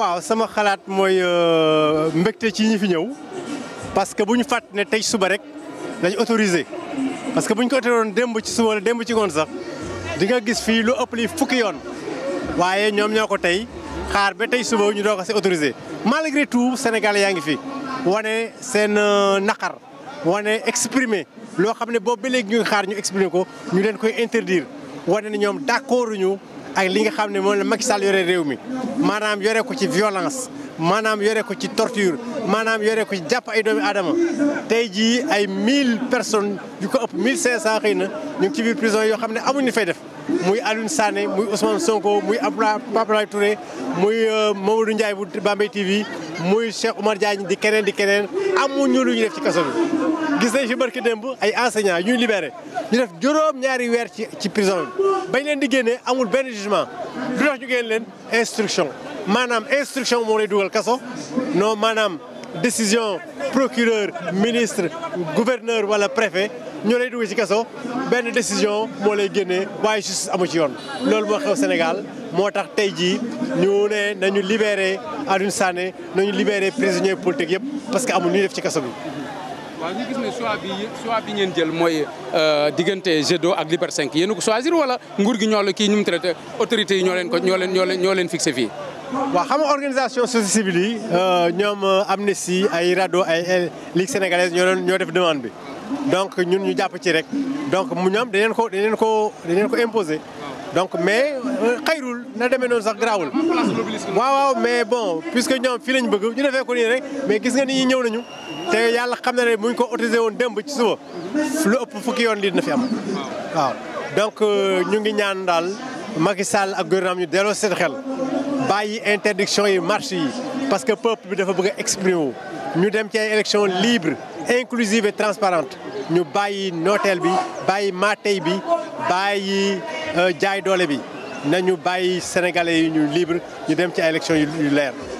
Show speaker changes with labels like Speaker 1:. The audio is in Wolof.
Speaker 1: waaw sama xalaat mooy euh, mbégte ci ñi fi ñëw parce que bu ñu fàtt ne tey suba rek lañ autorisé parce que bu ñu ko autorisé démb ci suba la démb ci ngoon sax di nga gis fii lu ëpp li fukki yoon waaye ñoom ñoo ko tey xaar ba tey suba ñu doog a si autorisé malgré tout Sénégal yaa ngi fii wane seen euh, naqar wane exprimer loo xam ne boobu ba léegi ñu xaar ñu exprimer ko ñu leen koy interdire wane ne ñoom d'accord ak li nga xam ne moom la Macky Sall yore réew mi maanaam yore ko ci violence maanaam yore ko ci torture maanaam yore ko ci jàpp ay doomi aadama tey jii ay mille personnes yu ko ëpp mille cinq cent xëy na ñu ci biir prison yoo xam ne amuñu fay def muy Alioune Sané muy Ousmane Sonko muy Abdoulaye Pape Laye Touré muy euh, Mamadou Ndiaye bu Bambey TV muy Cheikh Oumar Diagne di keneen di keneen amuñu lu ñu def ci kaso bi. gis nañ fi barki démb ay enseignants ñuy ñu libéré ñu def juróom ñaari weer ci ci prison bañ leen di génnee amul benn jugement lu tax ñu génn leen instruction maanaam instruction moo lay dugal kaso non maanaam décision procureur ministre gouverneur wala préfet. ñoo lay duggee ci kaso benn décision moo lay génnee waaye justice amu ci yoon loolu moo xew Sénégal moo tax tey jii ñu ne nañu libéré Alioune Sané nañu libéré prisonniers politiques yëpp parce que amul ñuy def ci kaso bi. waaw ñu gis ne bi choix bi ngeen jël mooy euh, diggante G2 ak Liberté 5 yéen ko choisir wala nguur gi ñoo la kii ñu mu traité autorités yi ñoo leen ko ñoo leen ñoo leen ñoo leen fixé fii. waaw xam nga organisation société civile yi euh, ñoom euh, Amnesty ay RADDHO ay Ligue sénégalaise ñoo doon ñoo def demande bi. donc ñun ñu jàpp ci rek donc mu ñoom dañ leen ko dañ ko dañ leen ko imposer. donc mais euh, xayrul na demee noonu sax garaawul. waaw waaw mais bon puisque ñoom fii lañ bëgg ñu defee ko nii rek mais gis nga ni ñi ñëw nañu. te yàlla xam na ne bu ñu ko autorisé woon démb ci suba lu ëpp fukki yoon lii dina fi am. waaw donc euh, ñu ngi ñaan daal Macky Sall ak gouvernement ñu delloo seen xel bàyyi interdiction yi marche yi parce que peuple bi dafa bëgg a wu. ñu dem ci ay élections libres. inclusive et transparente ñu bàyyi nooteel bi bàyyi maatey bi bàyyi euh, jaay doole bi nañu bàyyi sénégalais yi ñu libre ñu dem ci élection yu leer